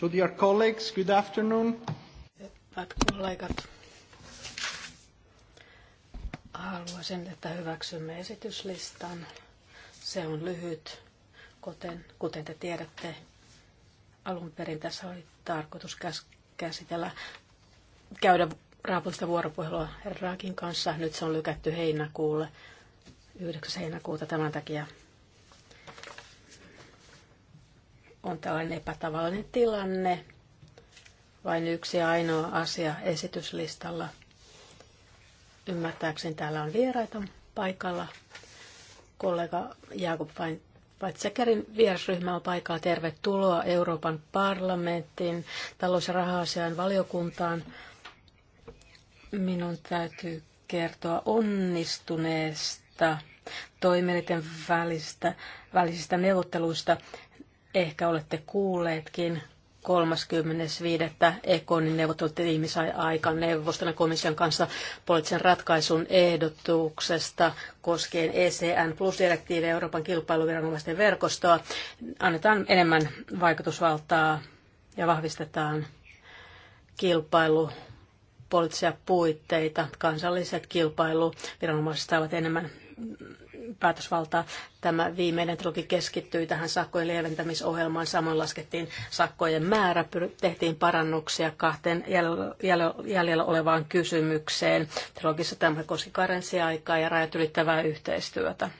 So dear colleagues, good afternoon. Hyvät kollegat, haluaisin, että hyväksymme esityslistan. Se on lyhyt, kuten, kuten te tiedätte. Alun perin tässä oli tarkoitus käsitellä, käydä raapullista vuoropuhelua Raakin kanssa. Nyt se on lykätty heinäkuulle, 9. heinäkuuta tämän takia on tällainen epätavallinen tilanne. Vain yksi ainoa asia esityslistalla. Ymmärtääkseni täällä on vieraita paikalla. Kollega Jakob Vaitsekerin vierasryhmä on paikalla. Tervetuloa Euroopan parlamenttiin, talous- ja raha valiokuntaan. Minun täytyy kertoa onnistuneesta toimeliten välistä, välisistä neuvotteluista Ehkä olette kuulleetkin 30.5. Ekonin neuvottelutiimi sai aikaan neuvoston ja komission kanssa poliittisen ratkaisun ehdotuksesta koskien ECN plus direktiivi Euroopan kilpailuviranomaisten verkostoa. Annetaan enemmän vaikutusvaltaa ja vahvistetaan kilpailu poliittisia puitteita. Kansalliset kilpailuviranomaiset saavat enemmän päätösvaltaa. Tämä viimeinen trilogi keskittyi tähän sakkojen lieventämisohjelmaan. Samoin laskettiin sakkojen määrä, tehtiin parannuksia kahteen jäljellä olevaan kysymykseen. Trukissa tämä koski karenssiaikaa ja rajat ylittävää yhteistyötä.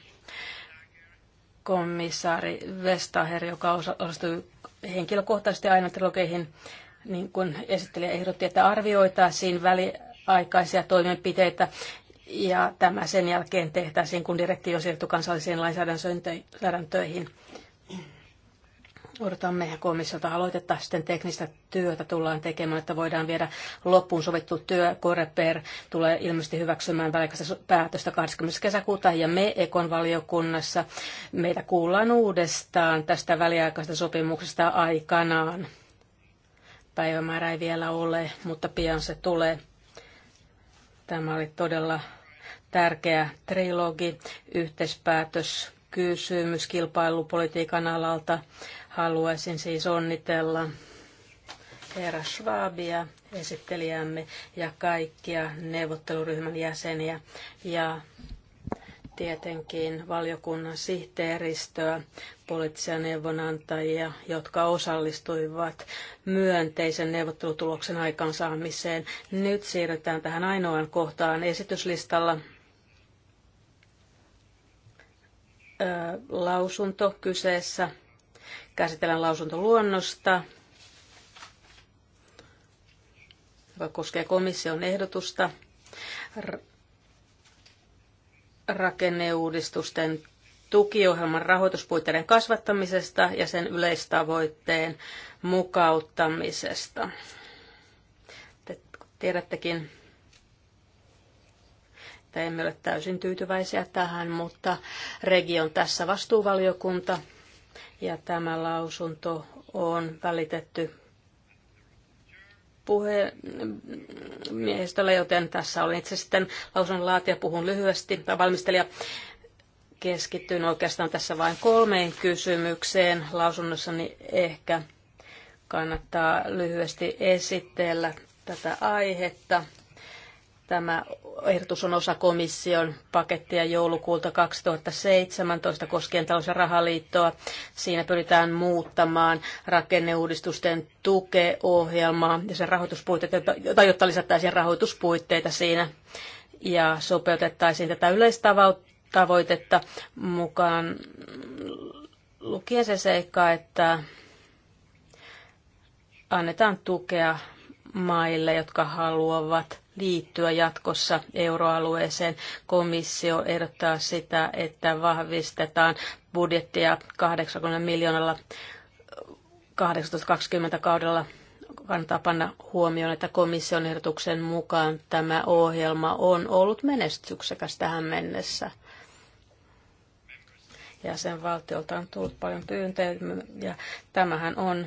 Komissaari Vestager, joka osallistui henkilökohtaisesti aina trilogeihin, niin kuin esittelijä ehdotti, että arvioitaisiin väliaikaisia toimenpiteitä, ja tämä sen jälkeen tehtäisiin, kun direktiivi on siirtynyt kansalliseen lainsäädäntöihin. Odotamme komissiolta aloitetta sitten teknistä työtä tullaan tekemään, että voidaan viedä loppuun sovittu työ. Koreper tulee ilmeisesti hyväksymään väliaikaista päätöstä 20. kesäkuuta ja me Ekon valiokunnassa meitä kuullaan uudestaan tästä väliaikaisesta sopimuksesta aikanaan. Päivämäärä ei vielä ole, mutta pian se tulee. Tämä oli todella tärkeä trilogi, yhteispäätös, kysymys kilpailupolitiikan alalta. Haluaisin siis onnitella Herra Schwabia, esittelijämme ja kaikkia neuvotteluryhmän jäseniä ja tietenkin valiokunnan sihteeristöä, poliittisia neuvonantajia, jotka osallistuivat myönteisen neuvottelutuloksen aikaansaamiseen. Nyt siirrytään tähän ainoaan kohtaan esityslistalla, lausunto kyseessä. Käsitellään lausuntoluonnosta, joka koskee komission ehdotusta rakenneuudistusten tukiohjelman rahoituspuitteiden kasvattamisesta ja sen yleistavoitteen mukauttamisesta. Te tiedättekin, että emme ole täysin tyytyväisiä tähän, mutta Regi on tässä vastuuvaliokunta ja tämä lausunto on välitetty puhemiehistölle, joten tässä olen itse sitten lausunnon laatija, puhun lyhyesti, tai valmistelija keskityn oikeastaan tässä vain kolmeen kysymykseen lausunnossani ehkä kannattaa lyhyesti esitellä tätä aihetta. Tämä ehdotus on osa komission pakettia joulukuulta 2017 koskien talous- ja rahaliittoa. Siinä pyritään muuttamaan rakenneuudistusten tukeohjelmaa ja sen rahoituspuitteita, jotta lisättäisiin rahoituspuitteita siinä ja sopeutettaisiin tätä yleistavoitetta mukaan lukien se seikka, että annetaan tukea maille, jotka haluavat liittyä jatkossa euroalueeseen. Komissio ehdottaa sitä, että vahvistetaan budjettia 80 miljoonalla 18 kaudella kannattaa panna huomioon, että komission ehdotuksen mukaan tämä ohjelma on ollut menestyksekäs tähän mennessä. Jäsenvaltiolta on tullut paljon pyyntöjä ja tämähän on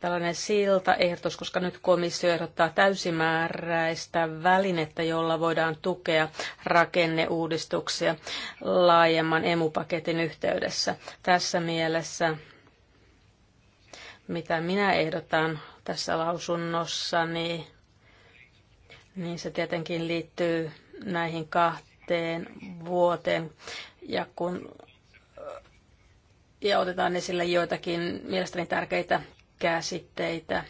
tällainen siltaehdotus, koska nyt komissio ehdottaa täysimääräistä välinettä, jolla voidaan tukea rakenneuudistuksia laajemman emupaketin yhteydessä. Tässä mielessä, mitä minä ehdotan tässä lausunnossa, niin, niin se tietenkin liittyy näihin kahteen vuoteen. Ja kun ja otetaan esille joitakin mielestäni tärkeitä käsitteitä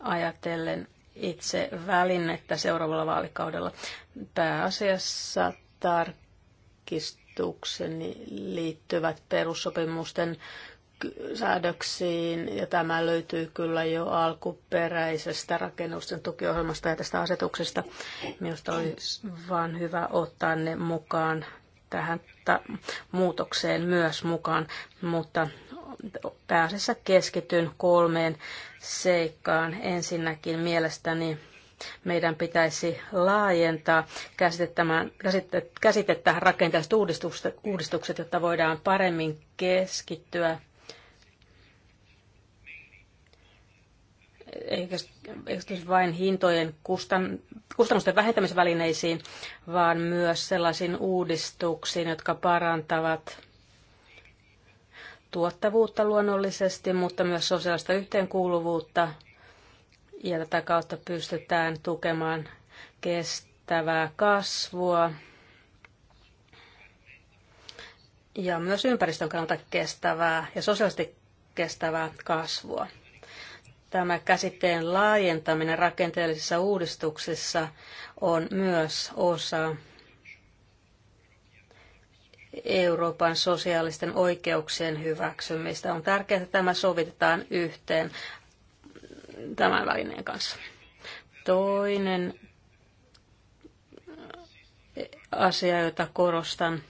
ajatellen itse välinettä seuraavalla vaalikaudella. Pääasiassa tarkistukseni liittyvät perussopimusten säädöksiin, ja tämä löytyy kyllä jo alkuperäisestä rakennusten tukiohjelmasta ja tästä asetuksesta. Minusta olisi vain hyvä ottaa ne mukaan tähän muutokseen myös mukaan, mutta pääasiassa keskityn kolmeen seikkaan. Ensinnäkin mielestäni meidän pitäisi laajentaa käsitettä rakenteelliset uudistukset, uudistukset, jotta voidaan paremmin keskittyä eikä siis vain hintojen kustan, kustannusten vähentämisvälineisiin, vaan myös sellaisiin uudistuksiin, jotka parantavat tuottavuutta luonnollisesti, mutta myös sosiaalista yhteenkuuluvuutta. Ja tätä kautta pystytään tukemaan kestävää kasvua ja myös ympäristön kannalta kestävää ja sosiaalisesti kestävää kasvua. Tämä käsitteen laajentaminen rakenteellisissa uudistuksissa on myös osa Euroopan sosiaalisten oikeuksien hyväksymistä. On tärkeää, että tämä sovitetaan yhteen tämän välineen kanssa. Toinen asia, jota korostan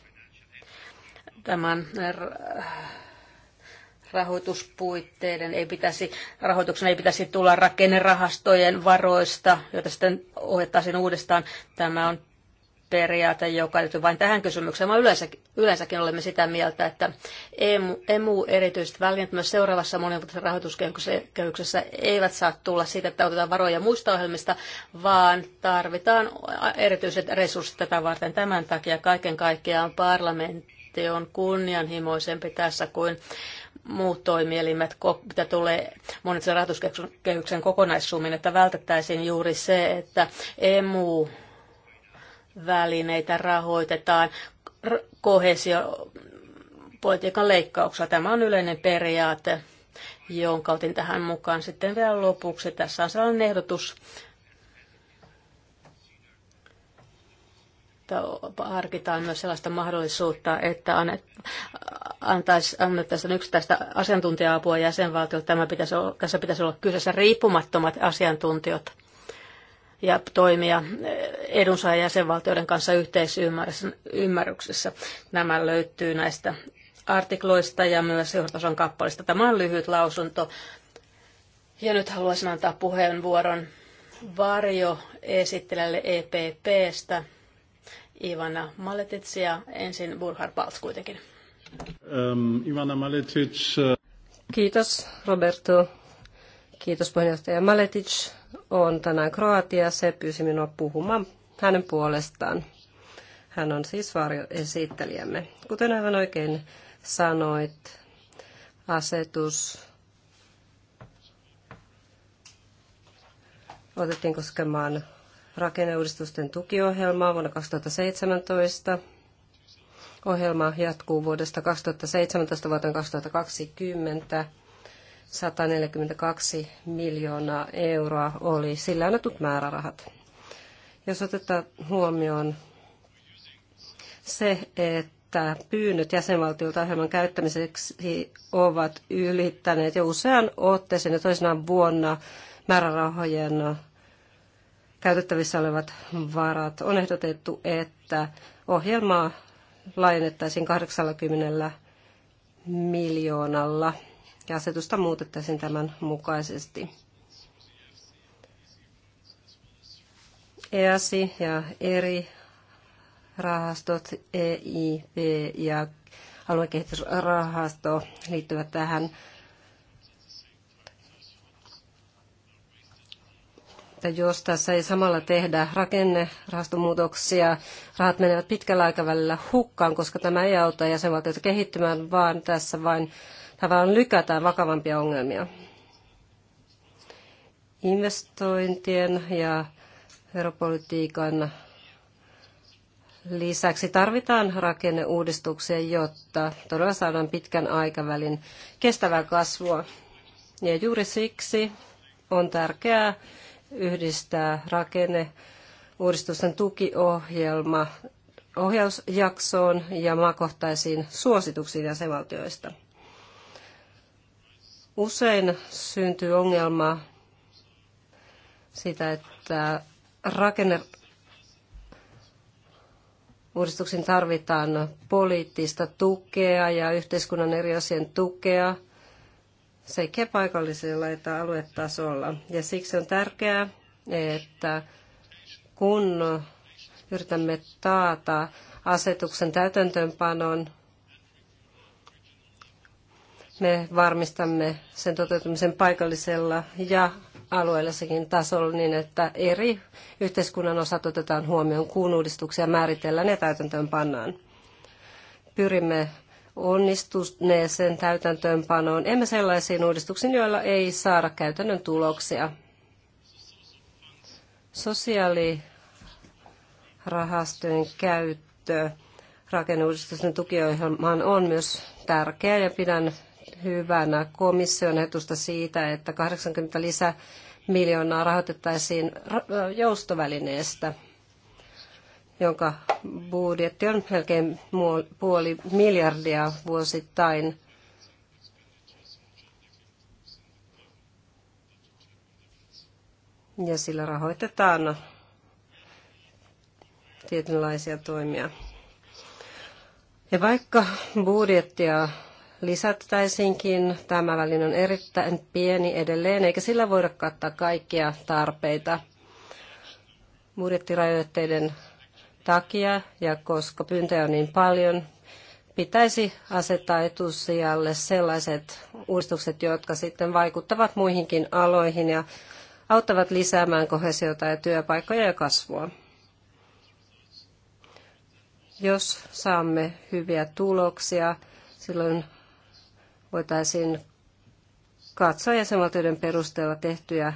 tämän rahoituspuitteiden ei pitäisi, rahoituksen ei pitäisi tulla rakennerahastojen varoista, joita sitten ohjattaisiin uudestaan. Tämä on periaate, joka liittyy vain tähän kysymykseen, vaan yleensä, yleensäkin olemme sitä mieltä, että EMU, EMU erityisesti välineet myös seuraavassa monivuotisessa rahoituskehyksessä eivät saa tulla siitä, että otetaan varoja muista ohjelmista, vaan tarvitaan erityiset resurssit tätä varten. Tämän takia kaiken kaikkiaan parlamentti on kunnianhimoisempi tässä kuin muut toimielimet, mitä tulee monivuotisen rahoituskehyksen kokonaissummin, että vältettäisiin juuri se, että EMU välineitä rahoitetaan kohesiopolitiikan leikkauksella. Tämä on yleinen periaate, jonka otin tähän mukaan. Sitten vielä lopuksi tässä on sellainen ehdotus, että harkitaan myös sellaista mahdollisuutta, että annettaisiin yksittäistä asiantuntija-apua jäsenvaltiolle. Tämä pitäisi olla, tässä pitäisi olla kyseessä riippumattomat asiantuntijat ja toimia edunsaajan jäsenvaltioiden kanssa yhteisymmärryksessä. Nämä löytyy näistä artikloista ja myös johtoson kappalista. Tämä on lyhyt lausunto. Ja nyt haluaisin antaa puheenvuoron Varjo esittelijälle EPPstä, Ivana Maletits ja ensin Burhard Balz kuitenkin. Um, Ivana Maletic. Äh, Kiitos Roberto. Kiitos puheenjohtaja Maletic on tänään Kroatia. Se pyysi minua puhumaan hänen puolestaan. Hän on siis varjoesittelijämme. Kuten aivan oikein sanoit, asetus otettiin koskemaan rakenneuudistusten tukiohjelmaa vuonna 2017. Ohjelma jatkuu vuodesta 2017 vuoteen 2020 142 miljoonaa euroa oli sillä annetut määrärahat. Jos otetaan huomioon se, että pyynnöt jäsenvaltiolta ohjelman käyttämiseksi ovat ylittäneet jo usean otteeseen ja toisenaan vuonna määrärahojen käytettävissä olevat varat. On ehdotettu, että ohjelmaa laajennettaisiin 80 miljoonalla ja asetusta muutettaisiin tämän mukaisesti. EASI ja eri rahastot, EIP ja aluekehitysrahasto liittyvät tähän. Että jos tässä ei samalla tehdä rakennerahastomuutoksia, rahat menevät pitkällä aikavälillä hukkaan, koska tämä ei auta jäsenvaltioita kehittymään, vaan tässä vain tavallaan lykätään vakavampia ongelmia. Investointien ja veropolitiikan lisäksi tarvitaan rakenneuudistuksia, jotta todella saadaan pitkän aikavälin kestävää kasvua. Ja juuri siksi on tärkeää yhdistää rakenneuudistusten tukiohjelma ohjausjaksoon ja maakohtaisiin suosituksiin jäsenvaltioista. Usein syntyy ongelma sitä, että rakenne uudistuksiin tarvitaan poliittista tukea ja yhteiskunnan eri asian tukea sekä paikallisella että aluetasolla. Ja siksi on tärkeää, että kun yritämme taata asetuksen täytäntöönpanon, me varmistamme sen toteutumisen paikallisella ja alueellisellakin tasolla niin, että eri yhteiskunnan osat otetaan huomioon, kun uudistuksia määritellään ja täytäntöönpannaan. pannaan. Pyrimme onnistuneeseen täytäntöönpanoon, emme sellaisiin uudistuksiin, joilla ei saada käytännön tuloksia. Sosiaalirahastojen käyttö rakenneuudistusten tukiohjelmaan on myös tärkeä ja pidän hyvänä komission etusta siitä, että 80 lisää miljoonaa rahoitettaisiin joustovälineestä, jonka budjetti on melkein puoli miljardia vuosittain. Ja sillä rahoitetaan tietynlaisia toimia. Ja vaikka budjettia lisättäisinkin. Tämä väline on erittäin pieni edelleen, eikä sillä voida kattaa kaikkia tarpeita. Budjettirajoitteiden takia ja koska pyyntöjä on niin paljon, pitäisi asettaa etusijalle sellaiset uudistukset, jotka sitten vaikuttavat muihinkin aloihin ja auttavat lisäämään kohesiota ja työpaikkoja ja kasvua. Jos saamme hyviä tuloksia, silloin voitaisiin katsoa jäsenvaltioiden perusteella tehtyjä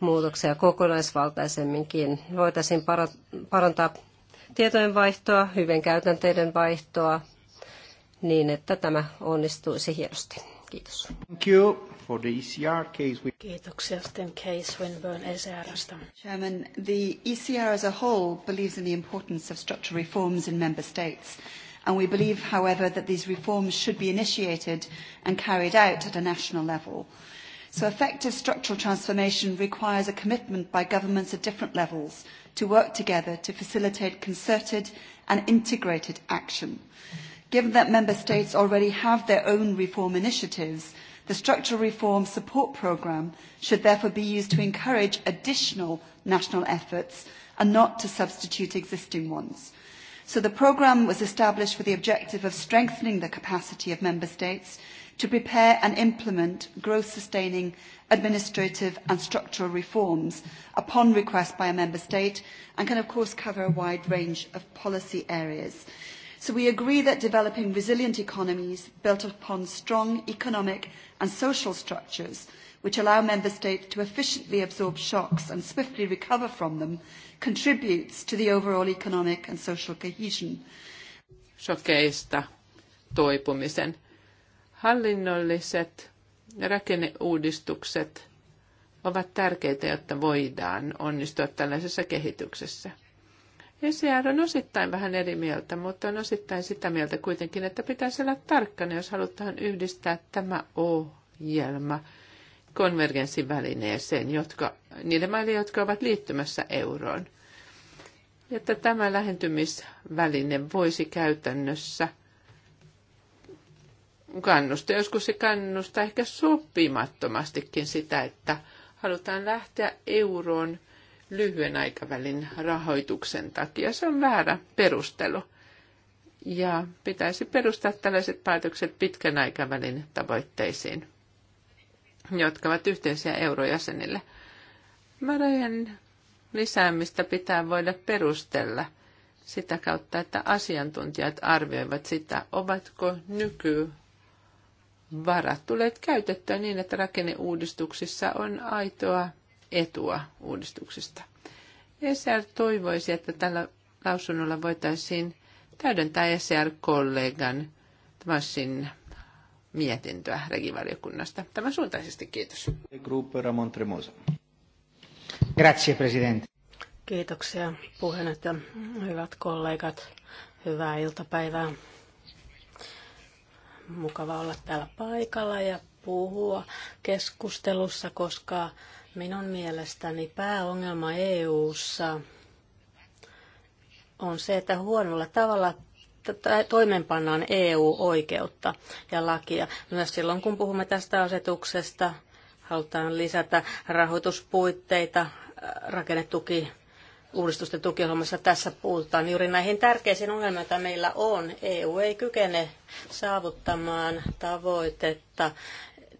muutoksia kokonaisvaltaisemminkin. Voitaisiin parantaa tietojen vaihtoa, hyvien käytänteiden vaihtoa, niin että tämä onnistuisi hienosti. Kiitos. Thank you for the ECR case. Kiitoksia sitten case Winburn ECRstä. Chairman, the ECR as a whole believes in the importance of structural reforms in member states and we believe, however, that these reforms should be initiated and carried out at a national level. So effective structural transformation requires a commitment by governments at different levels to work together to facilitate concerted and integrated action. Given that member states already have their own reform initiatives, the structural reform support programme should therefore be used to encourage additional national efforts and not to substitute existing ones. So the programme was established with the objective of strengthening the capacity of Member States to prepare and implement growth-sustaining administrative and structural reforms upon request by a Member State and can of course cover a wide range of policy areas. So we agree that developing resilient economies built upon strong economic and social structures – which allow member states to efficiently absorb shocks and swiftly recover from them, contributes to the overall economic and social cohesion. Shokeista toipumisen. Hallinnolliset rakenneuudistukset ovat tärkeitä, jotta voidaan onnistua tällaisessa kehityksessä. ECR on osittain vähän eri mieltä, mutta on osittain sitä mieltä kuitenkin, että pitäisi olla tarkkana, jos halutaan yhdistää tämä ohjelma konvergenssivälineeseen, jotka, niille maille, jotka ovat liittymässä euroon. että tämä lähentymisväline voisi käytännössä kannustaa, joskus se kannustaa ehkä sopimattomastikin sitä, että halutaan lähteä euroon lyhyen aikavälin rahoituksen takia. Se on väärä perustelu. Ja pitäisi perustaa tällaiset päätökset pitkän aikavälin tavoitteisiin jotka ovat yhteisiä eurojäsenille. Varojen lisäämistä pitää voida perustella sitä kautta, että asiantuntijat arvioivat sitä, ovatko nyky varat tulevat käytettyä niin, että rakenneuudistuksissa on aitoa etua uudistuksista. ESR toivoisi, että tällä lausunnolla voitaisiin täydentää ESR-kollegan Tvassin mietintöä regivaliokunnasta. Tämän suuntaisesti kiitos. Grazie, Presidente. Kiitoksia puheenjohtaja. Hyvät kollegat, hyvää iltapäivää. Mukava olla täällä paikalla ja puhua keskustelussa, koska minun mielestäni pääongelma EU:ssa on se, että huonolla tavalla toimeenpannaan EU-oikeutta ja lakia. Myös silloin, kun puhumme tästä asetuksesta, halutaan lisätä rahoituspuitteita, äh, rakennetuki uudistusten tukiohjelmassa tässä puhutaan juuri näihin tärkeisiin ongelmiin, joita meillä on. EU ei kykene saavuttamaan tavoitetta,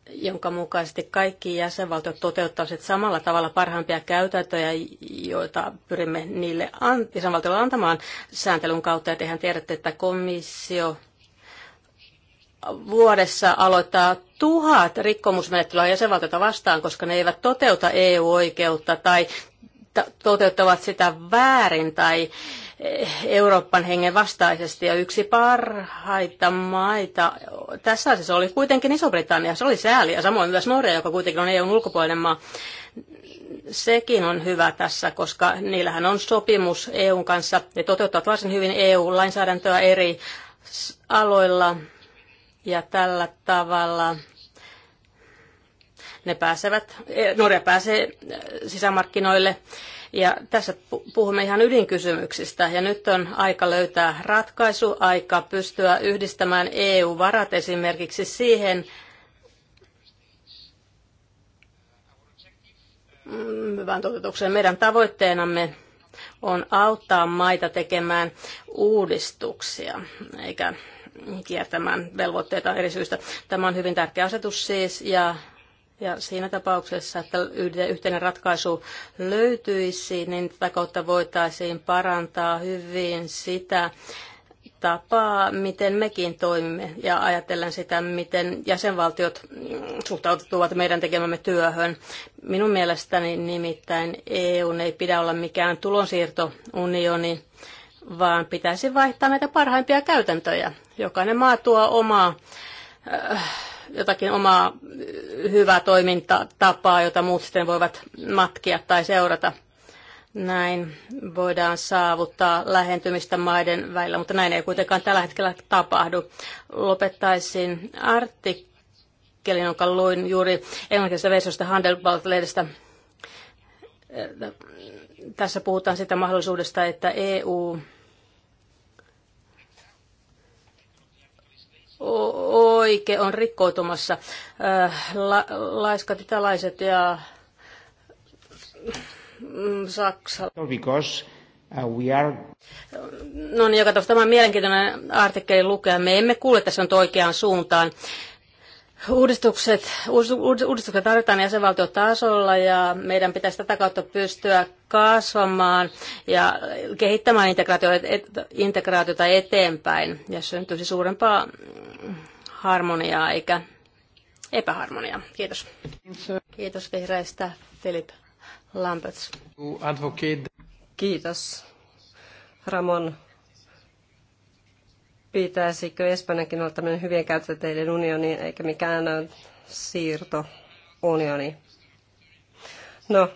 jonka mukaisesti kaikki jäsenvaltiot toteuttaisivat samalla tavalla parhaimpia käytäntöjä, joita pyrimme niille an- jäsenvaltioille antamaan sääntelyn kautta. Ja tehän tiedätte, että komissio vuodessa aloittaa tuhat rikkomusmenettelyä jäsenvaltiota vastaan, koska ne eivät toteuta EU-oikeutta tai toteuttavat sitä väärin tai Euroopan hengen vastaisesti ja yksi parhaita maita. Tässä asiassa oli kuitenkin Iso-Britannia, se oli sääli ja samoin myös Norja, joka kuitenkin on EUn ulkopuolinen maa. Sekin on hyvä tässä, koska niillähän on sopimus EUn kanssa. Ne toteuttavat varsin hyvin EU-lainsäädäntöä eri aloilla ja tällä tavalla ne pääsevät, Norja pääsee sisämarkkinoille ja tässä puhumme ihan ydinkysymyksistä ja nyt on aika löytää ratkaisu, aika pystyä yhdistämään EU-varat esimerkiksi siihen, mm, hyvän toteutukseen. Meidän tavoitteenamme on auttaa maita tekemään uudistuksia eikä kiertämään velvoitteita eri syistä. Tämä on hyvin tärkeä asetus siis ja ja siinä tapauksessa, että yhteinen ratkaisu löytyisi, niin tätä kautta voitaisiin parantaa hyvin sitä tapaa, miten mekin toimimme ja ajatellen sitä, miten jäsenvaltiot suhtautuvat meidän tekemämme työhön. Minun mielestäni nimittäin EU ei pidä olla mikään tulonsiirtounioni, vaan pitäisi vaihtaa näitä parhaimpia käytäntöjä. Jokainen maa tuo omaa äh, jotakin omaa hyvää toimintatapaa, jota muut sitten voivat matkia tai seurata. Näin voidaan saavuttaa lähentymistä maiden välillä, mutta näin ei kuitenkaan tällä hetkellä tapahdu. Lopettaisin artikkelin, jonka luin juuri englanninkielisestä versiosta Handelbalt-lehdestä. Tässä puhutaan sitä mahdollisuudesta, että EU oike on rikkoutumassa. Äh, la, laiskat italaiset ja mm, Saksa. Because uh, we are... No niin, joka tuossa tämä on mielenkiintoinen artikkeli lukea. Me emme kulje tässä nyt oikeaan suuntaan. Uudistukset, uudistukset tarvitaan jäsenvaltiotasolla ja meidän pitäisi tätä kautta pystyä kasvamaan ja kehittämään integraatiota eteenpäin ja syntyisi suurempaa mm, harmoniaa eikä epäharmoniaa. Kiitos. Kiitos vihreistä, Filip Lamberts. Kiitos. Ramon pitäisikö Espanjankin olla tämmöinen hyvien käytänteiden unioni, eikä mikään siirtounioni. No,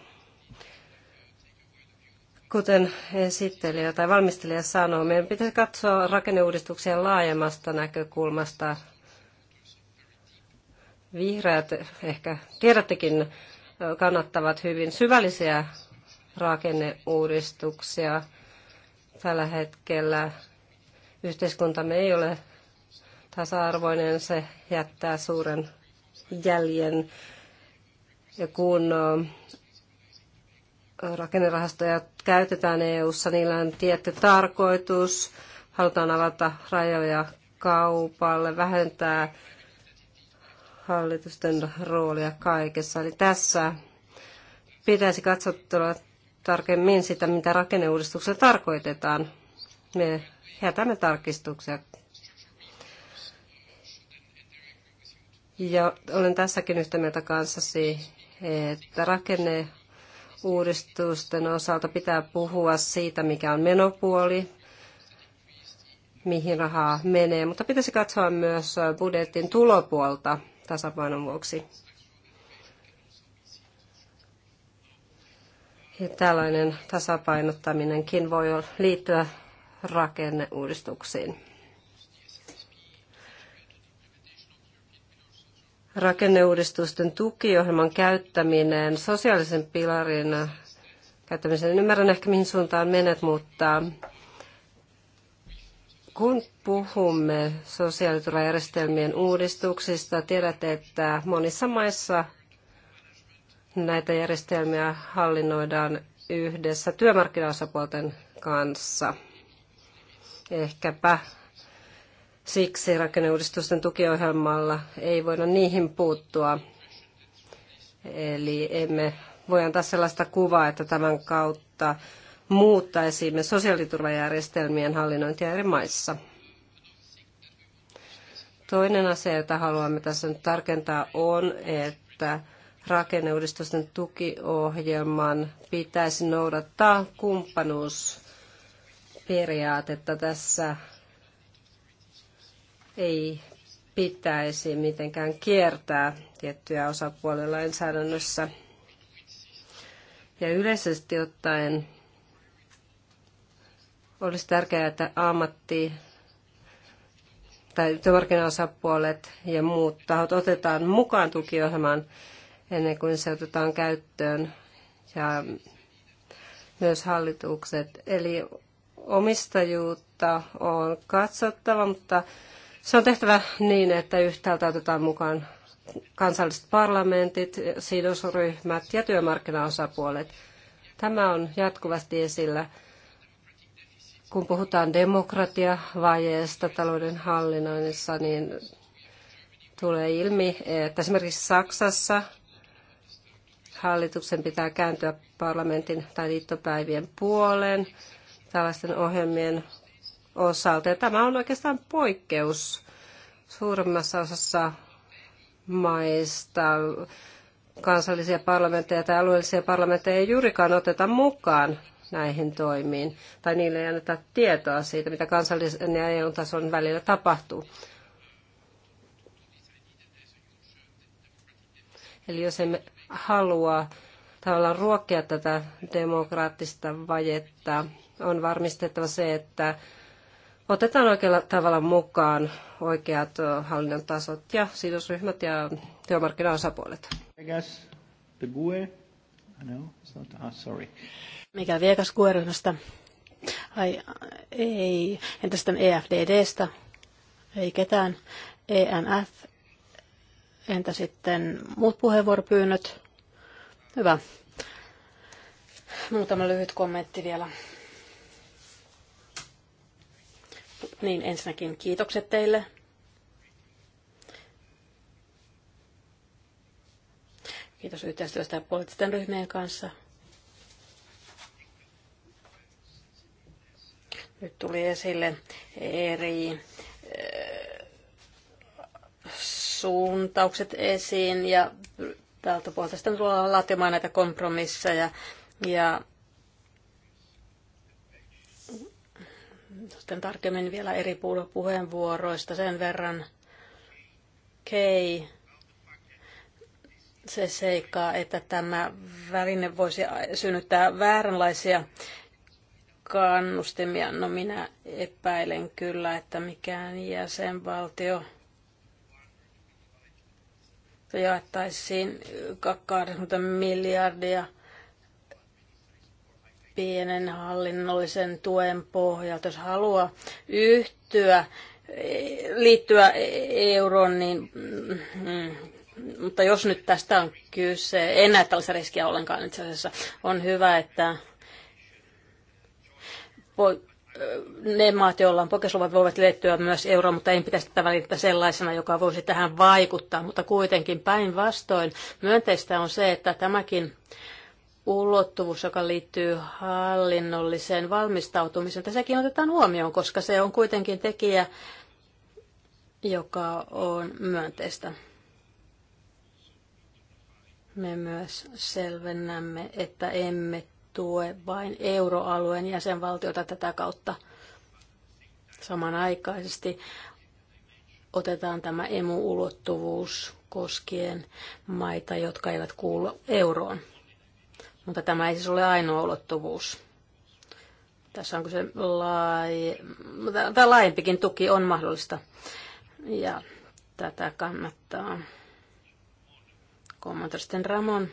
kuten esittelijä tai valmistelija sanoo, meidän pitäisi katsoa rakenneuudistuksia laajemmasta näkökulmasta. Vihreät ehkä tiedättekin kannattavat hyvin syvällisiä rakenneuudistuksia tällä hetkellä Yhteiskuntamme ei ole tasa-arvoinen, se jättää suuren jäljen. Ja kun rakennerahastoja käytetään EU:ssa, niillä on tietty tarkoitus. Halutaan avata rajoja kaupalle, vähentää hallitusten roolia kaikessa. Eli tässä pitäisi katsoa tarkemmin sitä, mitä rakenneuudistuksella tarkoitetaan. Me jätämme tarkistuksia. Ja olen tässäkin yhtä mieltä kanssasi, että rakenne uudistusten osalta pitää puhua siitä, mikä on menopuoli, mihin rahaa menee, mutta pitäisi katsoa myös budjetin tulopuolta tasapainon vuoksi. Ja tällainen tasapainottaminenkin voi liittyä rakenneuudistuksiin. Rakenneuudistusten tukiohjelman käyttäminen sosiaalisen pilarin käyttämisen. Ymmärrän ehkä mihin suuntaan menet, mutta kun puhumme sosiaaliturvajärjestelmien uudistuksista, tiedätte, että monissa maissa näitä järjestelmiä hallinnoidaan yhdessä työmarkkinaosapuolten kanssa. Ehkäpä siksi rakenneuudistusten tukiohjelmalla ei voida niihin puuttua. Eli emme voi antaa sellaista kuvaa, että tämän kautta muuttaisimme sosiaaliturvajärjestelmien hallinnointia eri maissa. Toinen asia, jota haluamme tässä nyt tarkentaa, on, että rakenneuudistusten tukiohjelman pitäisi noudattaa kumppanuus periaatetta tässä ei pitäisi mitenkään kiertää tiettyjä osapuolia lainsäädännössä. Ja yleisesti ottaen olisi tärkeää, että ammatti tai työmarkkinaosapuolet ja muut tahot otetaan mukaan tukiohjelmaan ennen kuin se otetaan käyttöön ja myös hallitukset. Eli omistajuutta on katsottava, mutta se on tehtävä niin, että yhtäältä otetaan mukaan kansalliset parlamentit, sidosryhmät ja työmarkkinaosapuolet. Tämä on jatkuvasti esillä, kun puhutaan demokratiavajeesta talouden hallinnoinnissa, niin tulee ilmi, että esimerkiksi Saksassa hallituksen pitää kääntyä parlamentin tai liittopäivien puoleen tällaisten ohjelmien osalta. Ja tämä on oikeastaan poikkeus suurimmassa osassa maista. Kansallisia parlamentteja tai alueellisia parlamentteja ei juurikaan oteta mukaan näihin toimiin, tai niille ei anneta tietoa siitä, mitä kansallisen ja EU-tason välillä tapahtuu. Eli jos emme halua tavallaan ruokkia tätä demokraattista vajetta, on varmistettava se, että otetaan oikealla tavalla mukaan oikeat hallinnon tasot ja sidosryhmät ja työmarkkinaosapuolet. Vegas, the GUE. No, it's not, ah, sorry. Mikä viekas gue Ai, ei. Entä sitten EFDDstä? Ei ketään. ENF. Entä sitten muut puheenvuoropyynnöt? Hyvä. Muutama lyhyt kommentti vielä Niin ensinnäkin kiitokset teille. Kiitos yhteistyöstä poliittisten ryhmien kanssa. Nyt tuli esille eri eh, suuntaukset esiin ja tältä puolta sitten tullaan laatimaan näitä kompromisseja ja Sitten tarkemmin vielä eri puheenvuoroista sen verran. Kei, se seikkaa, että tämä väline voisi synnyttää vääränlaisia kannustimia. No minä epäilen kyllä, että mikään jäsenvaltio jaettaisiin 80 miljardia – pienen hallinnollisen tuen pohjalta. Jos haluaa yhtyä, liittyä euroon, niin mm, mutta jos nyt tästä on kyse, en näe tällaista riskiä ollenkaan itse asiassa. On hyvä, että voi, ne maat, joilla on poikkeusluvat, voivat liittyä myös euroon, mutta ei pitäisi tätä välittää sellaisena, joka voisi tähän vaikuttaa. Mutta kuitenkin päinvastoin myönteistä on se, että tämäkin ulottuvuus, joka liittyy hallinnolliseen valmistautumiseen. Tässäkin otetaan huomioon, koska se on kuitenkin tekijä, joka on myönteistä. Me myös selvennämme, että emme tue vain euroalueen jäsenvaltiota tätä kautta. Samanaikaisesti otetaan tämä emu-ulottuvuus koskien maita, jotka eivät kuulu euroon mutta tämä ei siis ole ainoa ulottuvuus. Tässä on se lai... Tämä laajempikin tuki on mahdollista ja tätä kannattaa Kommentaristen Ramon.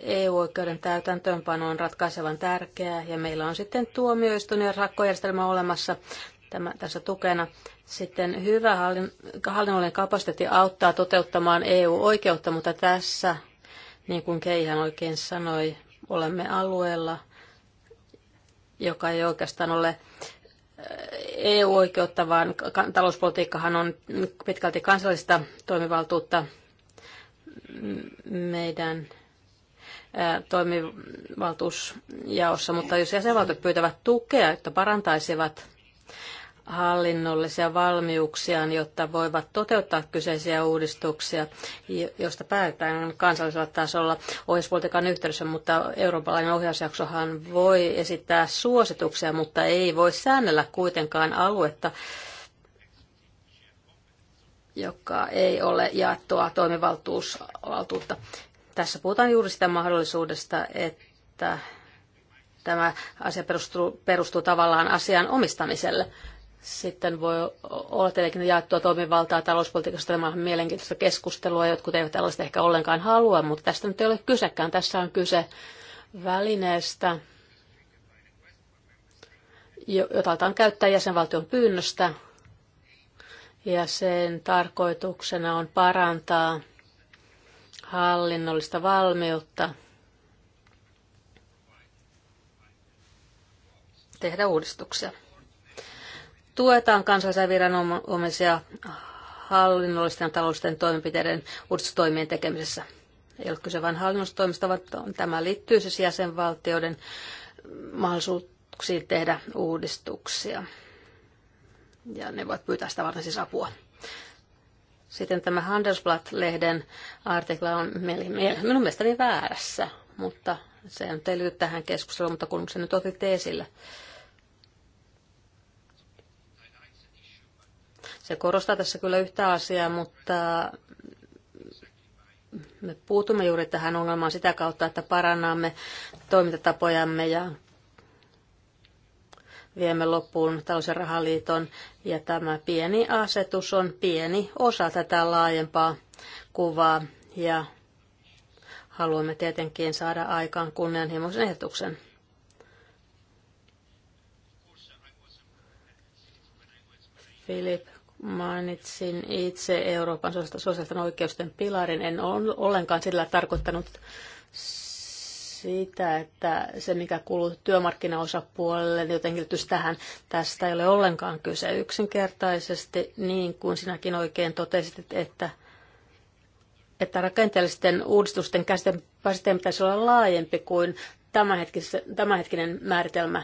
EU-oikeuden täytäntöönpano on ratkaisevan tärkeää ja meillä on sitten tuomioistuin ja rakkojärjestelmä olemassa tämä, tässä tukena. Sitten hyvä hallin, hallinnollinen kapasiteetti auttaa toteuttamaan EU-oikeutta, mutta tässä niin kuin Keihän oikein sanoi, olemme alueella, joka ei oikeastaan ole eh, EU-oikeutta, vaan talouspolitiikkahan on pitkälti kansallista toimivaltuutta meidän eh, toimivaltuusjaossa, mutta jos jäsenvaltiot pyytävät tukea, että parantaisivat hallinnollisia valmiuksiaan, jotta voivat toteuttaa kyseisiä uudistuksia, joista päätetään kansallisella tasolla ohjauspolitiikan yhteydessä, mutta eurooppalainen ohjausjaksohan voi esittää suosituksia, mutta ei voi säännellä kuitenkaan aluetta, joka ei ole jaettua toimivaltuutta. Tässä puhutaan juuri sitä mahdollisuudesta, että tämä asia perustuu, perustuu tavallaan asian omistamiselle. Sitten voi olla tietenkin jaettua toimivaltaa talouspolitiikasta. Tämä on mielenkiintoista keskustelua. Jotkut eivät tällaista ehkä ollenkaan halua, mutta tästä nyt ei ole kysekään. Tässä on kyse välineestä, jota otetaan käyttää jäsenvaltion pyynnöstä. Ja sen tarkoituksena on parantaa hallinnollista valmiutta tehdä uudistuksia tuetaan kansallisia viranomaisia hallinnollisten ja taloudellisten toimenpiteiden uudistustoimien tekemisessä. Ei ole kyse vain hallinnostoimista, vaan tämä liittyy siis jäsenvaltioiden mahdollisuuksiin tehdä uudistuksia. Ja ne voivat pyytää sitä varten siis apua. Sitten tämä Handelsblatt-lehden artikla on minun mielestäni väärässä, mutta se on liity tähän keskusteluun, mutta kun se nyt otitte esille. Se korostaa tässä kyllä yhtä asiaa, mutta me puutumme juuri tähän ongelmaan sitä kautta, että parannamme toimintatapojamme ja viemme loppuun talous- ja rahaliiton. Ja tämä pieni asetus on pieni osa tätä laajempaa kuvaa ja haluamme tietenkin saada aikaan kunnianhimoisen ehdotuksen. Philip Mainitsin itse Euroopan sosiaalisten oikeusten pilarin. En ole ollenkaan sillä tarkoittanut sitä, että se mikä kuuluu työmarkkinaosapuolelle niin jotenkin liittyisi tähän. Tästä ei ole ollenkaan kyse yksinkertaisesti, niin kuin sinäkin oikein totesit, että, että rakenteellisten uudistusten käsitteen pitäisi olla laajempi kuin tämänhetkinen määritelmä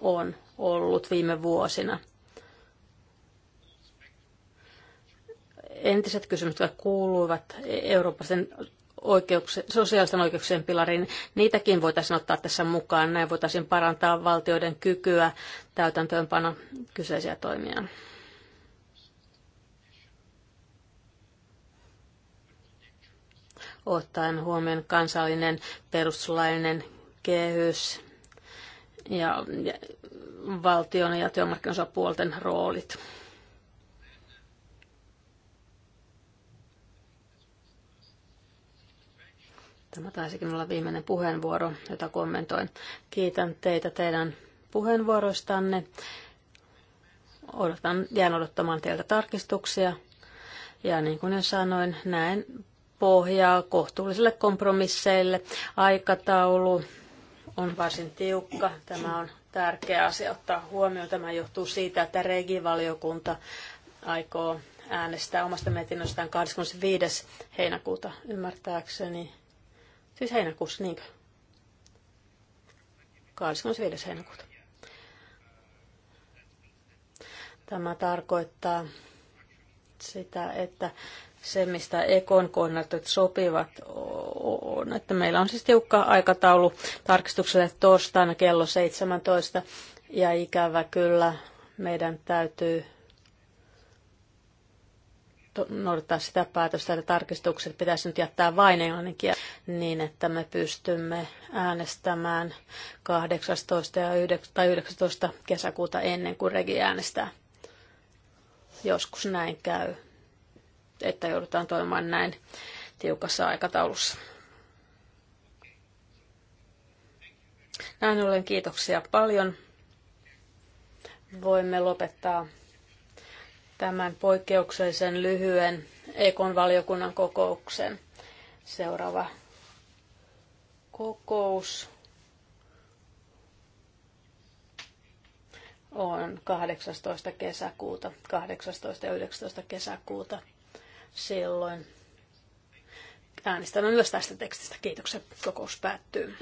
on ollut viime vuosina. entiset kysymykset, jotka kuuluivat Euroopan oikeuksien, sosiaalisten oikeuksien pilariin, niitäkin voitaisiin ottaa tässä mukaan. Näin voitaisiin parantaa valtioiden kykyä täytäntöönpano kyseisiä toimia. Ottaen huomioon kansallinen perustuslainen kehys ja, ja valtion ja työmarkkinosapuolten roolit. Tämä taisikin olla viimeinen puheenvuoro, jota kommentoin. Kiitän teitä teidän puheenvuoroistanne. Odotan, jään odottamaan teiltä tarkistuksia. Ja niin kuin jo sanoin, näen pohjaa kohtuullisille kompromisseille. Aikataulu on varsin tiukka. Tämä on tärkeä asia ottaa huomioon. Tämä johtuu siitä, että regivaliokunta aikoo äänestää omasta mietinnöstään 25. heinäkuuta ymmärtääkseni. Siis heinäkuussa, niinkö? 25. heinäkuuta. Tämä tarkoittaa sitä, että se, mistä ekon kannattajat sopivat, on, että meillä on siis tiukka aikataulu tarkistukselle torstaina kello 17. Ja ikävä kyllä meidän täytyy noudattaa sitä päätöstä, että tarkistukset pitäisi nyt jättää vain englannin kielellä niin, että me pystymme äänestämään 18 ja 19, tai 19 kesäkuuta ennen kuin regi äänestää. Joskus näin käy, että joudutaan toimimaan näin tiukassa aikataulussa. Näin ollen kiitoksia paljon. Voimme lopettaa tämän poikkeuksellisen lyhyen Ekon valiokunnan kokouksen. Seuraava kokous on 18. kesäkuuta, 18. ja 19. kesäkuuta. Silloin äänestämme myös tästä tekstistä. Kiitokset. Kokous päättyy.